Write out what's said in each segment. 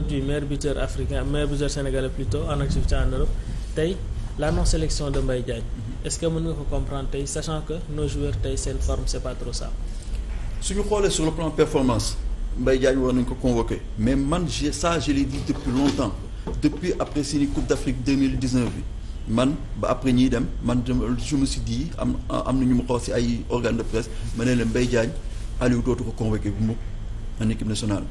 du meilleur buteur africain meilleur buteur sénégalais plutôt en activité en Europe la non de Mbaye Diagne mhm. est-ce que mën nga ko comprendre tey sachant que nos joueurs tey xoolee sur le plan performance Mbaye Diagne war nañu ko convoqué mais man j'ai ça je l'ai dit depuis longtemps depuis après seeni Coupe d'Afrique 2019 bi man ba après ñiy dem man je me suis dit am am na ñu ma xaw si ay organes de presse ma ne leen Mbaye Diagne Aliou dootu ko convoqué bu mukk en équipe nationale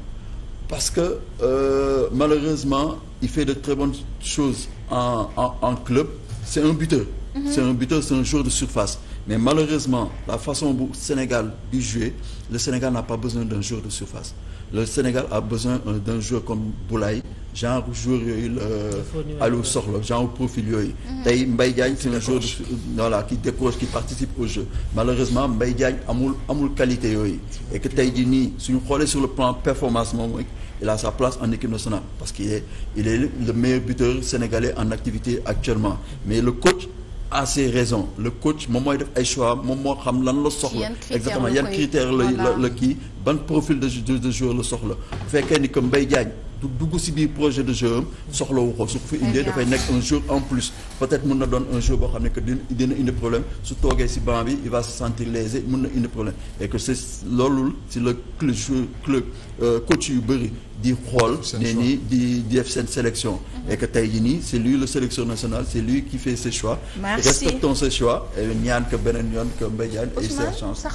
parce que euh, malheureusement il fait de très bonnes choses en en, en club c'est un buteur. Mm -hmm. c'est un buteur c'est un joueur de surface mais malheureusement la façon bu Sénégal di jouer le Sénégal n'a pas besoin d'un joueur de surface. le Sénégal a besoin euh, d'un joueur comme Boulaye genre joueur yooyu euh, la Aliou soxla genre profil yooyu mhm. tey mbay Diagne c'est un joueur voilà qui décroche qui participe au jeu malheureusement Mbaye Diagne amul amul qualité yooyu et que tey jii nii suñu xoolee sur le plan performance moom mooy il a sa place en équipe nationale parce qu'il est il est le meilleur buteur sénégalais en activité actuellement mais le coach à ses raisons le coach moom mooy def ay choix moom moo xam lan la soxla exactement yan critère la la kii ban profil de de de la soxla bu fekkee ni que Mbaye Diagne du dugg si biir projet de jeu am soxlawu ko su ko fi indee dafay nekk un joueur en plus peut-être mun na doon un joueur boo xam ne que dina dina indi problème su toogee si banc bi il va se sentir lésé mun na indi problème et que c'est loolul si le club club euh, coach yu bëri di xool ne nii di di def seen sélection et que tey jii nii c'est lui le sélection national c'est lui qui fait ses choix respectons ses choix et ñaan que beneen yoon